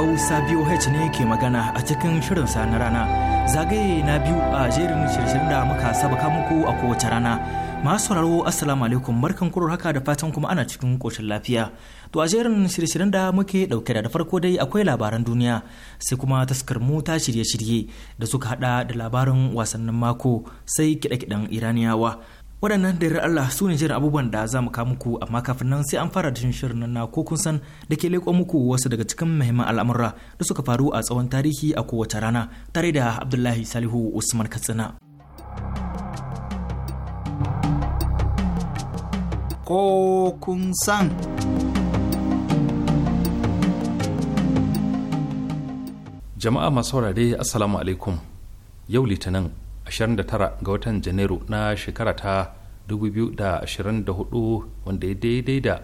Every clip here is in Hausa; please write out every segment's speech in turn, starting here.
Hausa VOH ne ke magana a cikin shirin sa na rana. Zagaye na biyu a jerin shirshirin da muka sabaka muku a kowace rana. Masu sauraro Assalamu alaikum barkan kuro haka da fatan kuma ana cikin koshin lafiya. To a jerin shirshirin da muke dauke da farko dai akwai labaran duniya sai kuma taskar mu ta shirye-shirye da suka hada da labarin wasannin mako sai kiɗe-kiɗen Iraniyawa. waɗannan da Allah su ne jiran abubuwan da za mu muku amma kafin nan sai an fara da shirin na ko kun san da ke leƙo muku wasu daga cikin muhimman al'amura da suka faru a tsawon tarihi a kowace rana tare da Abdullahi Salihu Usman Katsina. Ko kun san. Jama'a masu saurare Assalamu alaikum yau Litinin 29 ga watan janairu na shekara ta 2024 wanda ya daidai da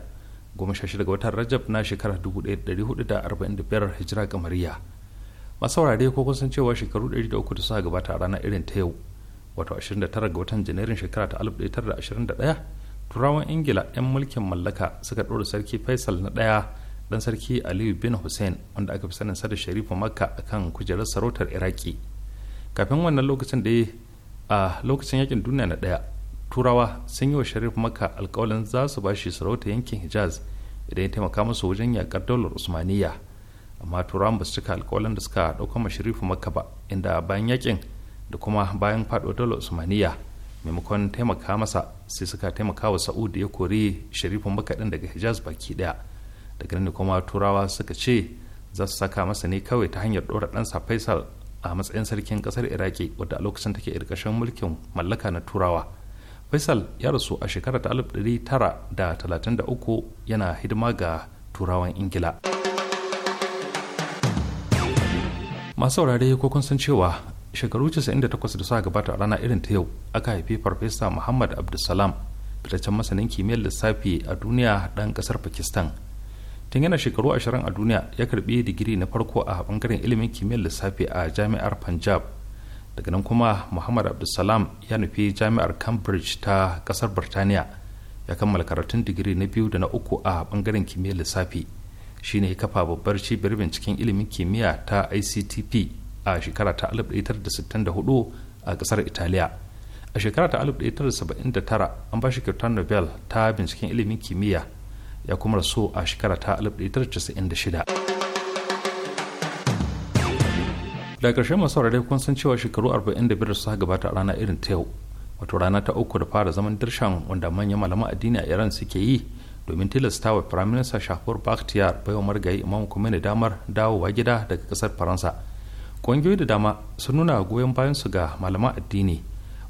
16 ga watan rajab na shekara 1445 hijira kamariya masu saurare ko kusan cewa shekaru 300 da suka gabata a ranar irin ta yau wato 29 ga watan janairun shekara ta 1921 turawan ingila 'yan mulkin mallaka suka ɗora sarki faisal na ɗaya dan sarki aliyu bin hussein wanda aka fi sanin sa da sharifu makka akan kujerar sarautar iraki kafin wannan lokacin da a lokacin yakin duniya na daya turawa sun yi wa sharif maka alkawalin za su ba shi sarauta yankin hijaz idan ya taimaka masu wajen yakar daular usmaniya amma turawan ba su cika alkawalin da suka ɗauka ma sharif maka ba inda bayan yakin da kuma bayan faɗuwar daular usmaniya maimakon taimaka masa sai suka taimaka wa sa'ud ya kori sharifin maka ɗin daga hijaz baki ɗaya daga nan kuma turawa suka ce za su saka masa ne kawai ta hanyar ɗora ɗansa faisal a matsayin sarkin kasar iraki wadda a lokacin take irkashin mulkin mallaka na turawa faisal ya rasu a shekarar ta 1933 yana hidima ga turawan ingila masu saurare ko kun san cewa shekaru 98 da suka gabata a rana irin ta yau aka haifi farfesa muhammad abdulsalam fitaccen masanin kimiyyar lissafi a duniya dan kasar pakistan tun yana shekaru ashirin a duniya ya karbi digiri na farko a bangaren ilimin kimiyyar lissafi a jami'ar punjab daga nan kuma muhammad abdulsalam ya nufi jami'ar cambridge ta kasar birtaniya ya kammala karatun digiri na biyu da na uku a bangaren kimiyyar lissafi shine ya kafa babbar cibiyar binciken ilimin kimiyya ta ictp a shekara ta 1964 a kasar italiya a shekara ta 1979 an ba shi kyautar nobel ta binciken ilimin kimiyya ya kuma rasu a shekara ta 1996 da ƙarshen masu rarrai kun san cewa shekaru 45 suka gabata a rana irin ta yau wato rana ta uku da fara zaman dirshan wanda manyan malaman addini a iran suke yi domin tilasta wa firaminista shafar bakhtiyar baiwa margayi imam kumeni damar dawowa gida daga kasar faransa ƙungiyoyi da dama sun nuna goyon bayansu ga malaman addini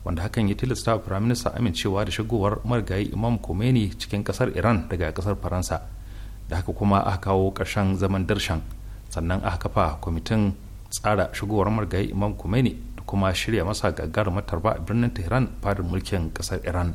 wanda hakan ya tilasta wa firaminista amincewa da shigowar marigayi imam khomeini cikin kasar iran daga kasar faransa da haka kuma aka kawo ƙarshen zaman darshan sannan aka kafa kwamitin tsara shigowar marigayi imam khomeini da kuma shirya masa gagarumar tarba a birnin tehran fadar mulkin kasar iran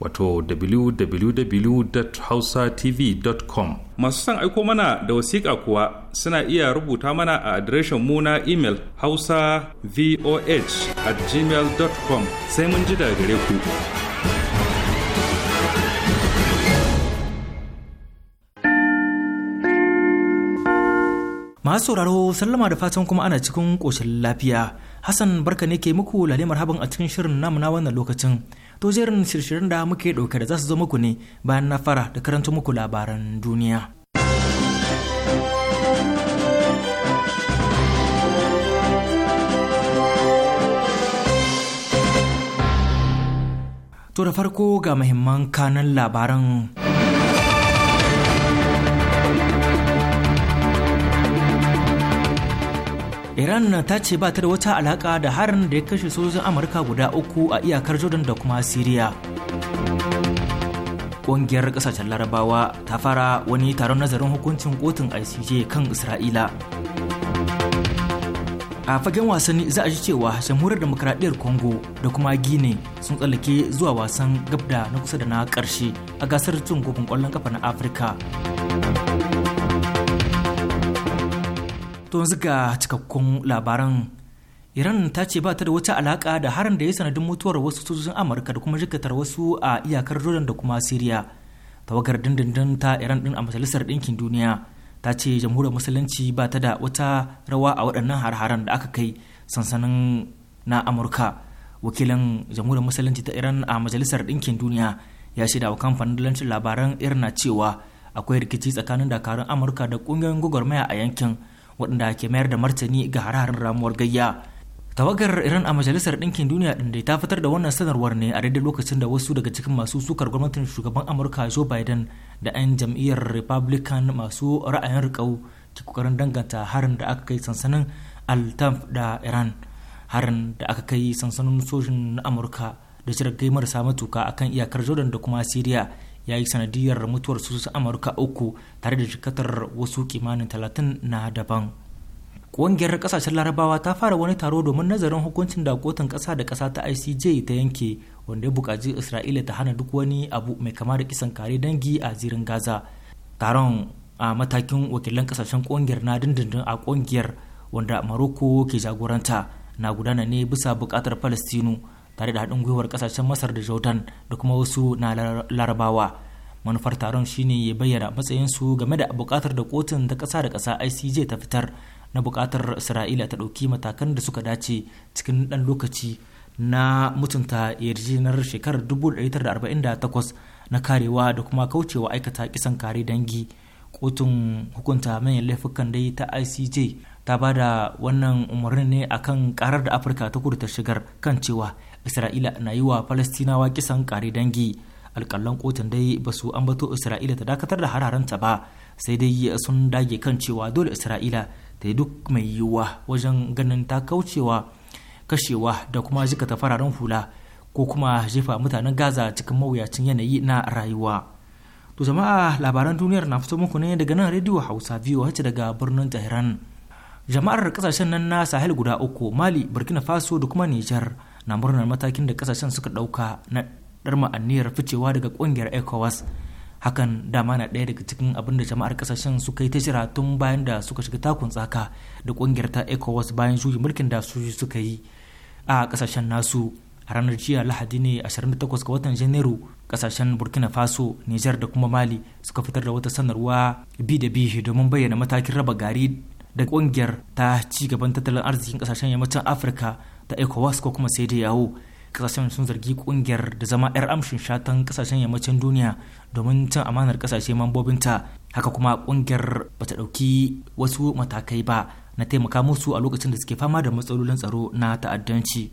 wato www.hausatv.com masu son aiko mana da wasiƙa kuwa suna iya rubuta mana a adireshin mu na imel hausa voh at gmail.com sai mun ji daga gare ku masu sauraro sallama da fatan kuma ana cikin koshin lafiya hassan barka ne ke muku lalimar haban a cikin shirin namu na wannan lokacin to jerin shirshirin da muke ɗauke da za su zo muku ne bayan na fara da karanta muku labaran duniya. To da farko ga mahimman kanan labaran iran ta ce ba ta da wata alaka da harin da ya kashe sojojin amurka guda uku a iyakar jordan da kuma syria. ƙungiyar ƙasashen larabawa ta fara wani taron nazarin hukuncin kotun icj kan isra'ila a fagen wasanni za a ji cewa jamhuriyar demokradiyyar congo da kuma gine sun tsallake zuwa wasan gabda na kusa da na karshe a gasar cin kofin kwallon kafa na afirka To yanzu ga cikakkun labaran Iran ta ce ba ta da wata alaka da harin da ya sanadin mutuwar wasu sojojin Amurka da kuma jikatar wasu a iyakar Jordan da kuma Syria. Tawagar dindindin ta Iran din a Majalisar Ɗinkin Duniya ta ce jamhuriyar musulunci ba ta da wata rawa a waɗannan har-haren da aka kai sansanin na Amurka. Wakilin jamhuriyar musulunci ta Iran a Majalisar Ɗinkin Duniya ya shaida wa kamfanin labaran Irna cewa akwai rikici tsakanin dakarun Amurka da ƙungiyoyin gwagwarmaya a yankin waɗanda ke mayar da martani ga hare ramuwar gayya tawagar iran a majalisar ɗinkin duniya ɗin da ta fitar da wannan sanarwar ne a daidai lokacin da wasu daga cikin masu sukar gwamnatin shugaban amurka joe biden da 'yan jam'iyyar republican masu ra'ayin riƙau ke kokarin danganta harin da aka kai sansanin altaf da iran harin da aka kai sansanin sojin na amurka da jirage marasa matuka akan iyakar jordan da kuma syria ya yi sanadiyar mutuwar su amurka uku tare da jikatar wasu kimanin talatin na daban ƙungiyar ƙasashen larabawa ta fara wani taro domin nazarin hukuncin da kotun ƙasa da ƙasa ta icj ta yanke wanda ya buƙaci isra'ila ta hana duk wani abu mai kama da kisan kare dangi a zirin gaza taron a matakin wakilan ƙasashen ƙungiyar na dindindin a ƙungiyar wanda maroko ke jagoranta na gudana ne bisa buƙatar palestinu tare da haɗin gwiwar ƙasashen masar da jordan da kuma wasu na larabawa manufar taron shine ya bayyana matsayinsu game da buƙatar da kotun ta ƙasa da ƙasa icj ta fitar na buƙatar isra'ila ta ɗauki matakan da suka dace cikin ɗan lokaci na mutunta yarjejeniyar shekarar 1948 na karewa da kuma kaucewa aikata kisan kare dangi kotun hukunta manyan laifukan dai ta icj ta bada wannan umarni ne akan karar da afirka ta kudu ta shigar kan cewa isra'ila na yi wa falastinawa kisan kare dangi alƙallon kotun dai ba su ambato isra'ila ta dakatar da hararanta ba sai dai sun dage kan cewa dole isra'ila ta yi duk mai yiwuwa wajen ganin ta kaucewa kashewa da kuma jikata fararen hula ko kuma jefa mutanen gaza cikin mawuyacin yanayi na rayuwa to jama'a labaran duniyar na fito muku ne daga nan rediyo hausa biyu wacce daga birnin tehran jama'ar kasashen nan na sahel guda uku mali burkina faso da kuma nijar na murnar matakin da kasashen suka ɗauka na ɗar ma'aniyar ficewa daga ƙungiyar ecowas hakan dama na ɗaya daga cikin abin da jama'ar kasashen suka yi ta shira tun bayan da suka shiga takun tsaka da ƙungiyar ta ecowas bayan juyi mulkin da su suka yi a kasashen nasu a ranar jiya lahadi ne 28 ga watan janairu kasashen burkina faso niger da kuma mali suka fitar da wata sanarwa bi da bi domin bayyana matakin raba gari da ƙungiyar ta ci gaban tattalin arzikin kasashen yammacin afirka da ecowas ko kuma sai da yawo kasashen sun zargi kungiyar da zama 'yar amshin shatan kasashen yammacin duniya domin cin amanar kasashe mambobinta haka kuma kungiyar ba ta ɗauki wasu matakai ba na taimaka musu a lokacin da suke fama da matsalolin tsaro na ta'addanci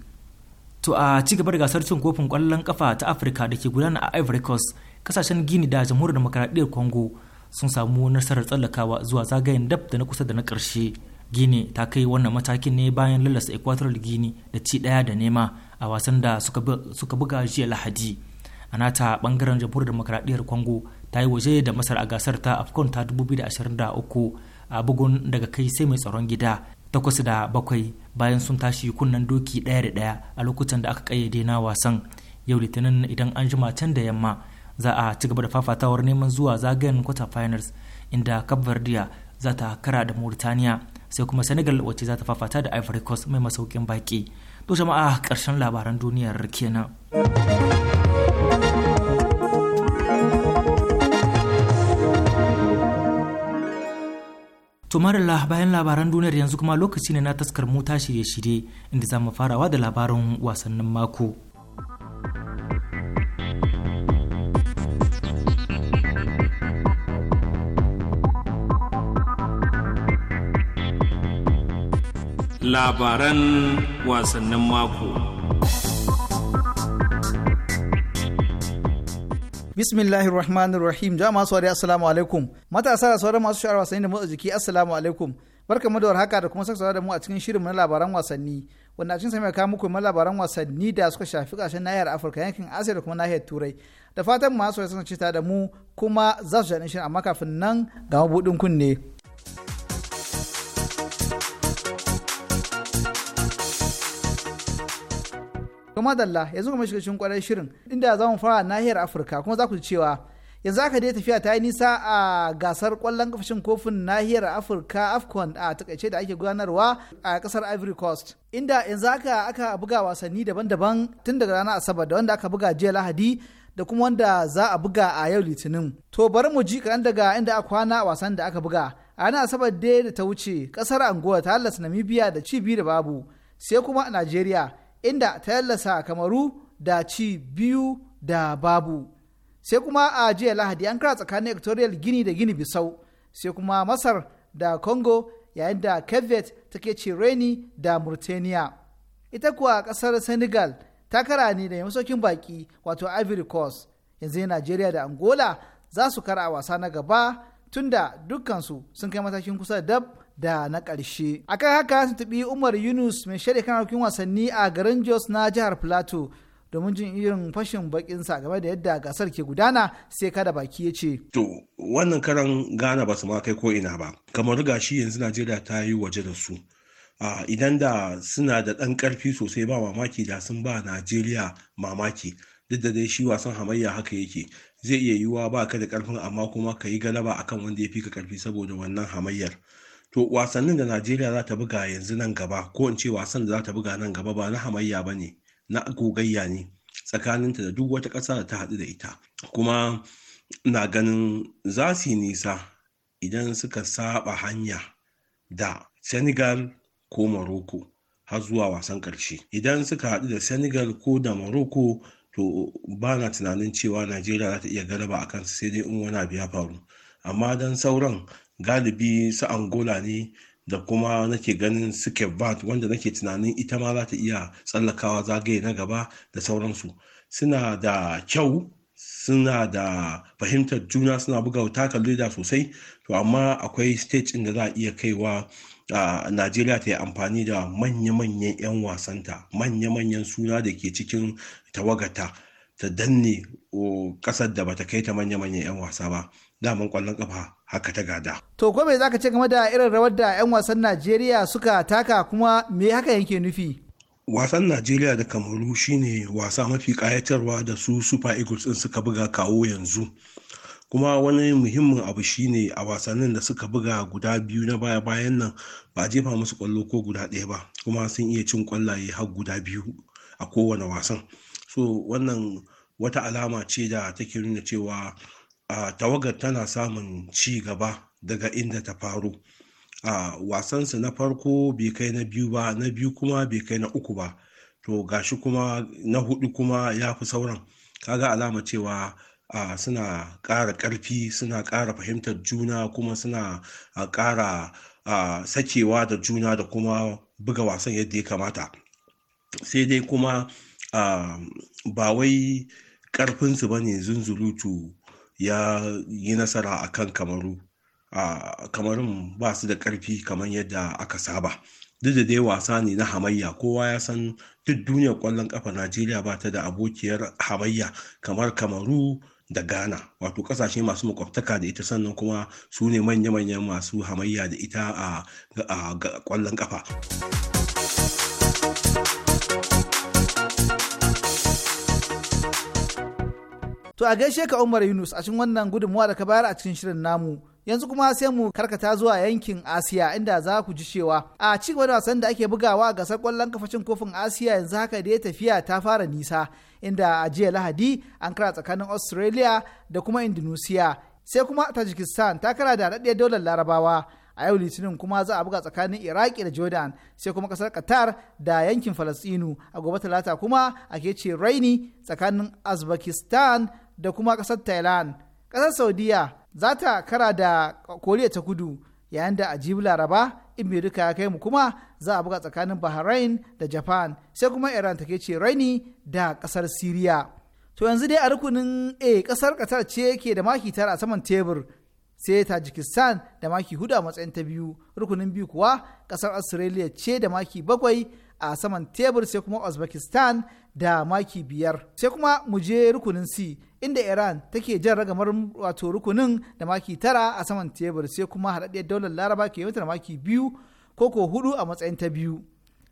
to a ci gaba da gasar cin kofin kwallon kafa ta afirka da ke gudana a ivory coast kasashen gini da jamhuriyar demokaradiyyar congo sun samu nasarar tsallakawa zuwa zagayen dab da na kusa da na karshe. gini ta kai wannan matakin ne bayan lalasa equatorial gini da ci daya da nema a wasan da suka buga jiya lahadi a nata bangaren jamhuriyar demokradiyyar congo ta yi waje da masar a gasar ta afcon ta 2023 a bugun daga kai sai mai tsaron gida takwas da bakwai bayan sun tashi kunnen doki daya da daya a lokutan da aka kayyade na wasan yau litinin idan an jima can da yamma za a ci gaba da fafatawar neman zuwa zagayen quarter finals inda cape za ta kara da mauritania sai kuma senegal wacce za ta fafata da ivory coast mai masaukin baki to jama'a karshen labaran duniyar kenan to marilla bayan labaran duniyar yanzu kuma lokaci ne na taskar mu ta shirye-shirye inda za mu farawa da labarin wasannin mako labaran wasannin mako. Bismillahir Rahmanir Rahim. Jama'a masu wari Assalamu alaikum. Matasa da sauran masu sha'ar wasanni da motsa jiki Assalamu alaikum. Barka mu da warhaka da kuma saksawa da mu a cikin shirin na labaran wasanni. Wanda a cikin sami kawo muku labaran wasanni da suka shafi ƙarshen nahiyar Afirka yankin Asiya da kuma nahiyar Turai. Da fatan masu wari sun ci da mu kuma za su jaɗin shirin amma kafin nan ga mabuɗin kunne. madalla yanzu kuma shiga cikin kwarar shirin inda za mu fara nahiyar afirka kuma za ku ji cewa yanzu aka dai tafiya ta yi nisa a gasar kwallon kafashin kofin nahiyar afirka afcon a takaice da ake gudanarwa a kasar ivory coast inda yanzu aka aka buga wasanni daban-daban tun daga ranar asabar da wanda aka buga jiya lahadi da kuma wanda za a buga a yau litinin to bari mu ji kaɗan daga inda aka kwana wasan da aka buga a ranar asabar dai da ta wuce kasar angola ta halasta namibia da cibi da babu sai kuma a najeriya inda ta yallasa kamaru da ci biyu da babu sai kuma a jiya lahadi an kara tsakanin equatorial gini da gini bisau sai kuma masar da congo yayin da kevet take ce reni da murtaniya ita kuwa kasar senegal ta kara ne da masaukin baki wato ivory coast yanzu najeriya da angola za su kara a wasa na gaba tunda dukkansu sun kai matakin kusa da dab da na ƙarshe. a kan haka sun tabi Umar Yunus mai shirya kan harkokin wasanni a garin Jos na jihar Plateau domin jin irin fashin bakin sa game da yadda gasar ke gudana sai kada baki ya ce. To wannan karan gana ba su ma kai ko ina ba kamar shi yanzu Najeriya ta yi waje da su. idan da suna da ɗan ƙarfi sosai ba mamaki da sun ba Najeriya mamaki duk da dai shi wasan hamayya haka yake zai iya yiwuwa ba ka da ƙarfin amma kuma ka yi galaba akan wanda ya fi ka ƙarfi saboda wannan hamayyar. to wasannin da najeriya za ta buga yanzu nan gaba ko in ce wasan da za ta buga nan gaba ba na hamayya ba ne na gogayya ne tsakaninta da duk wata ƙasa da ta haɗu da ita kuma na ganin za su yi nisa idan suka saba hanya da senegal ko Maroko har zuwa wasan ƙarshe idan suka haɗu da senegal ko da Maroko, to ba na tunanin cewa najeriya za ta iya galaba a kansu sai dai in wani abu ya faru amma don sauran galibi su angola ne da kuma nake ganin su kevat wanda nake tunanin ita ma za ta iya tsallakawa zagaye na gaba da sauransu suna da kyau suna da fahimtar juna suna buga ta leda sosai to amma akwai stage inda za a iya kaiwa a najeriya ta yi amfani da manya-manyan 'yan wasanta manya-manyan suna da ke cikin tawagata ta danne kasar da bata kai ta manya-manyan 'yan wasa ba daman kwallon kafa haka ta gada. To kome me ka ce game da irin rawar da 'yan wasan Najeriya suka taka kuma me haka yanke nufi? Wasan Najeriya da Kamaru shine wasa mafi ƙayatarwa da su Super Eagles din suka buga kawo yanzu. Kuma wani muhimmin abu shine a wasannin da suka buga guda biyu na baya-bayan nan ba jefa musu kwallo ko guda ɗaya ba kuma sun iya cin kwallaye har guda biyu a kowane wasan. So wannan wata alama ce da take nuna cewa a tawagar tana samun ci gaba daga inda ta faru a wasansu na farko bai kai na biyu ba na biyu kuma bai kai na uku ba to gashi kuma na hudu kuma ya fi sauran kaga alama cewa uh, suna ƙara ƙarfi suna ƙara fahimtar juna kuma suna ƙara uh, sakewa da juna da kuma buga wasan yadda ya kamata sai dai kuma ba wai ƙarfinsu ba ne zunzulutu ya yi nasara a kan kamaru a kamarun ba su da ƙarfi kamar yadda aka saba duk da dai wasa ne na hamayya kowa ya san duk duniyar ƙwallon ƙafa najeriya ba ta da abokiyar hamayya kamar kamaru da ghana wato kasashe masu makwabtaka da ita sannan kuma su ne manya-manyan masu hamayya da ita a kwallon kafa a gaishe ka Umar Yunus a cikin wannan gudunmuwa da ka bayar a cikin shirin namu. Yanzu kuma sai mu karkata zuwa yankin Asiya inda za ku ji cewa a ci gaba wasan da ake bugawa gasar kwallon kafacin kofin Asiya yanzu haka da ya tafiya ta fara nisa inda a jiya Lahadi an kara tsakanin Australia da kuma Indonesia sai kuma Tajikistan ta kara da haɗaɗɗiyar daular Larabawa a yau litinin kuma za a buga tsakanin iraki da jordan sai kuma kasar qatar da yankin falastinu a gobe talata kuma ake ce raini tsakanin uzbekistan da kuma kasar thailand kasar saudiya za ta kara da koriya ta kudu yayin da a jibi laraba imirika ya kai mu kuma za a buga tsakanin bahrain da japan sai kuma iran take ce raini da kasar syria to yanzu dai a rukunin a kasar qatar ce ke da maki tara a saman tebur sai tajikistan da maki hudu a matsayin ta biyu rukunin biyu kuwa kasar australia ce da maki bakwai a saman tebur sai kuma uzbekistan da maki biyar sai kuma mu je rukunin c inda iran take jan ragamar wato rukunin da maki tara a saman tebur sai kuma haɗaɗɗiyar daular laraba ke da maki biyu ko ko hudu a matsayin ta biyu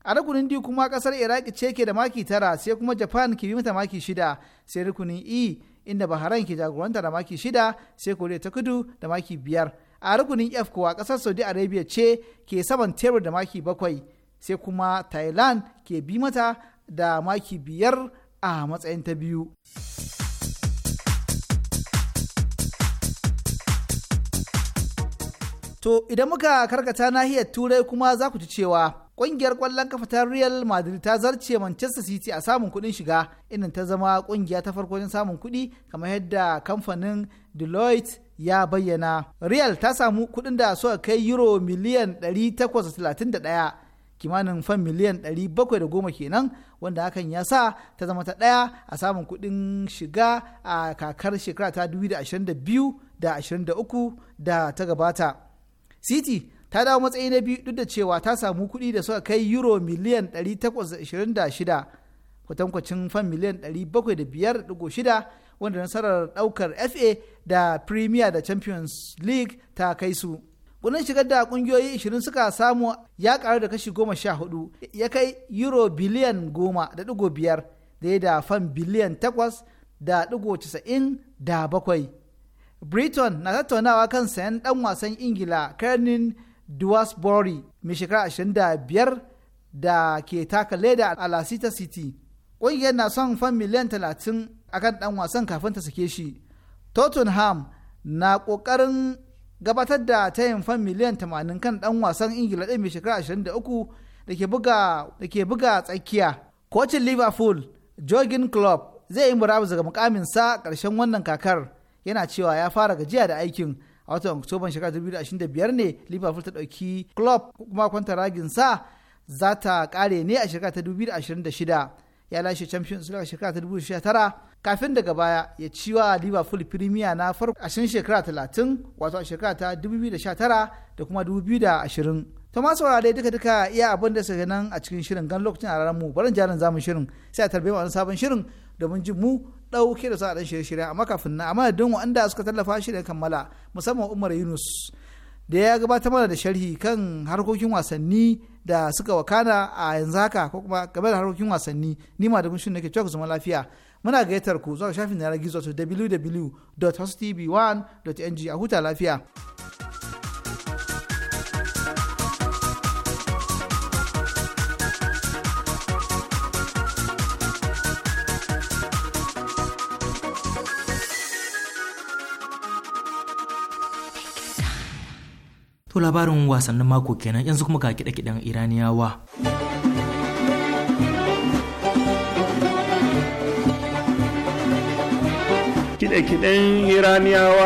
a rukunin d kuma kasar iraki ce ke da maki tara sai kuma japan ke bi mata maki shida sai rukunin e inda bahrain ke jagoranta da maki shida sai koriya ta kudu da maki biyar a rukunin f kuwa kasar saudi arabia ce ke saman tebur da maki bakwai sai kuma thailand ke bi mata da maki biyar a matsayin ta biyu to idan muka karkata nahiyar turai kuma za ku ci cewa kungiyar kwallon kafa ta Real Madrid ta zarce Manchester City a samun kuɗin shiga inda ta zama kungiya ta farko wajen samun kuɗi kamar yadda kamfanin Deloitte ya bayyana. Real ta samu kuɗin da suka kai euro miliyan 831 kimanin fan miliyan 710 kenan wanda hakan ya sa ta zama ta daya a samun kudin shiga a kakar shekara ta 2022 da 23 da ta gabata. City ta dawo matsayi na biyu duk da cewa ta samu kudi da suka kai euro miliyan 826 kwatankwacin fan miliyan 705.6 wanda nasarar daukar FA da Premier da Champions League ta kai su. kudin shigar da kungiyoyi 20 suka samu ya karu da kashi 14 ya kai euro biliyan 10.5 da ya da fan biliyan 8.97 da bakwai. Britain na tattaunawa kan sayan dan wasan Ingila Kernin duasbury mai shekara 25 da ke taka leda a Lasita City. Ƙungiyar na son fan miliyan 30 akan dan wasan kafin ta sake shi. Tottenham na ƙoƙarin gabatar da tayin fan miliyan 80 kan dan wasan ingila ɗin mai shekara 23 da ke buga da ke buga tsakiya kocin liverpool jogin club zai yi murabus daga mukamin sa karshen wannan kakar yana cewa ya fara gajiya da aikin a watan oktoban shekara 2025 ne liverpool ta ɗauki club kuma kwanta ragin sa za ta ƙare ne a shekara ta 2026 ya lashe champions league shekara ta 2019 kafin daga baya ya ci wa liverpool premier na farko a cikin shekara 30 wato a shekara ta 2019 da kuma 2020 to ma saurare duka duka iya abin da suka nan a cikin shirin gan lokacin a ranar mu barin jarin zamu shirin sai a tarbe wani sabon shirin domin jin mu dauke da sa'adan dan shirye-shirye amma kafin na amma da wanda suka tallafa shirin kammala musamman Umar Yunus da ya gabatar mana da sharhi kan harkokin wasanni da suka wakana a yanzu haka ko kuma game da harkokin wasanni ni ma da mushin nake cewa ku zama lafiya muna gayyatar ku zuwa shafin yanar gizo to www.hostv1.ng a huta lafiya. To labarin wasannin mako kenan yanzu kuma ga kiɗe-kiɗen Iraniyawa. Kiɗe-kiɗen Iraniyawa.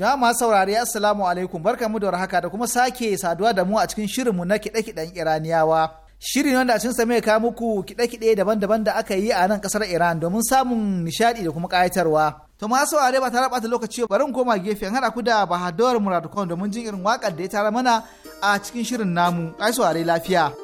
Jama'a saurari Assalamu alaikum barkamu da warhaka da kuma sake saduwa da mu a cikin shirinmu na kiɗe-kiɗen Iraniyawa. Shirin wanda a cinsa mai kawo muku kiɗe-kiɗe daban-daban da aka yi a nan ƙasar Iran domin samun nishaɗi da kuma kayatarwa. To ma saurare ba tare bata lokaci bari in koma gefen hada ku da Bahadur Muradu Kwan domin jin irin wakar da ya tara mana a cikin shirin namu. Ai saurare lafiya.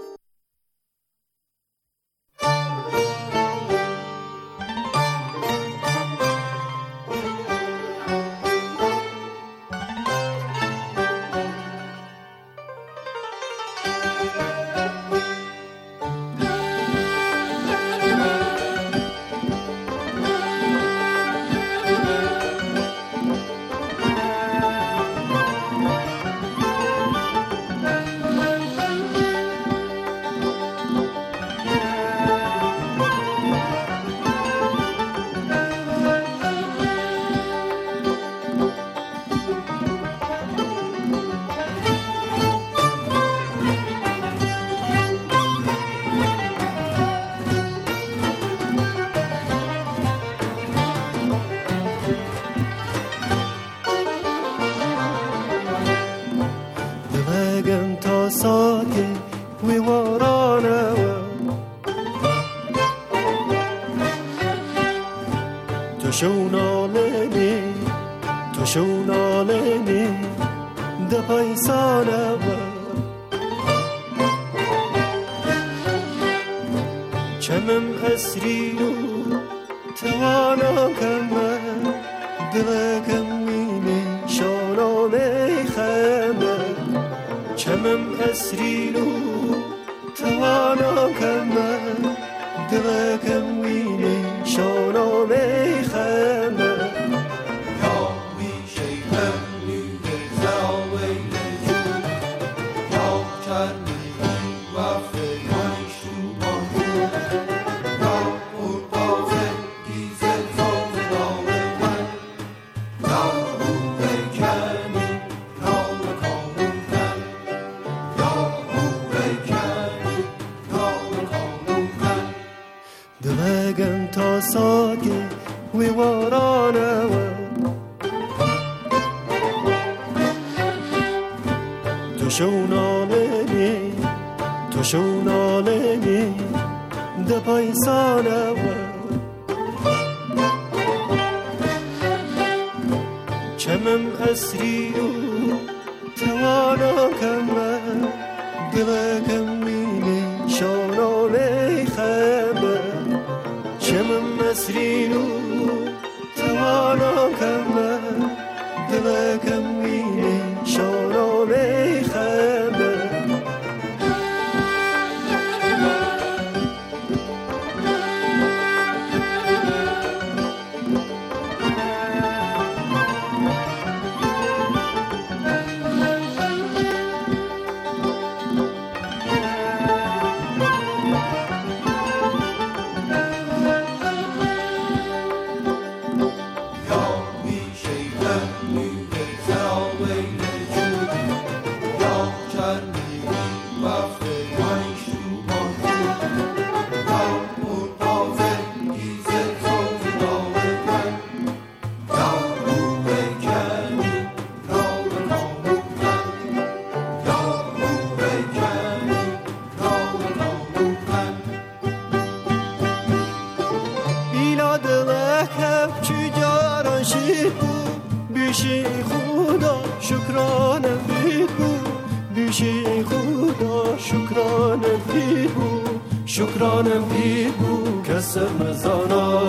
چی بود بیشی خدا شکرانه بید بود بیشی خدا شکرانه بید بود شکرانه بید بود کسم زانا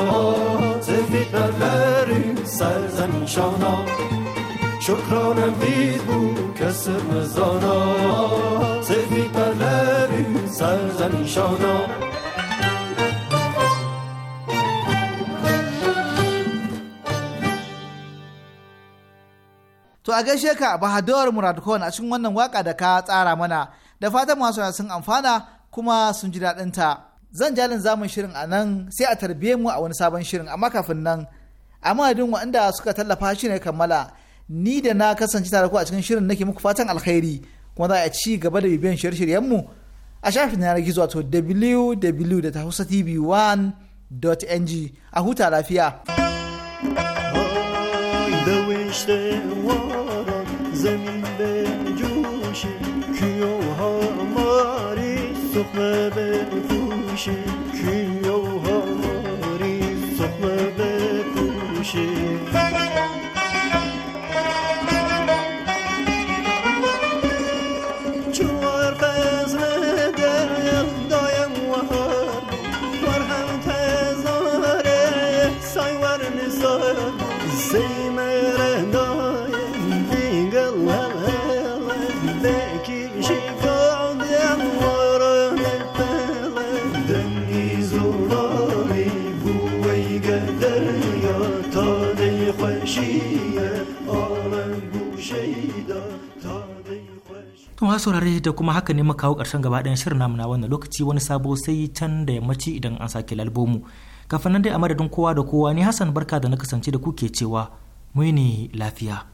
زفید بربریم سر شانا شکرانه بید بود کسم زانا زفید بربریم سر a gaishe ka Bahadur Murad Khan a cikin wannan waka da ka tsara mana. Da fatan masu sun amfana kuma sun ji daɗin ta. Zan jalin zamun shirin a nan sai a tarbiye mu a wani sabon shirin amma kafin nan. A madadin waɗanda suka tallafa shi ne kammala. Ni da na kasance tare ku a cikin shirin nake muku fatan alkhairi kuma za a ci gaba da bibiyan shirye-shiryen mu a shafin yanar gizo wato wwwtahusatv 1ng a huta lafiya. سخمه بپوشی کیو بپوشی masu saurare da kuma haka ne muka kawo ƙarshen gaba ɗayan shirin namu na wannan lokaci wani sabo sai can da yammaci idan an sake lalbomu kafin nan dai a madadin kowa da kowa ni hassan barka da na kasance da ku ke cewa mu lafiya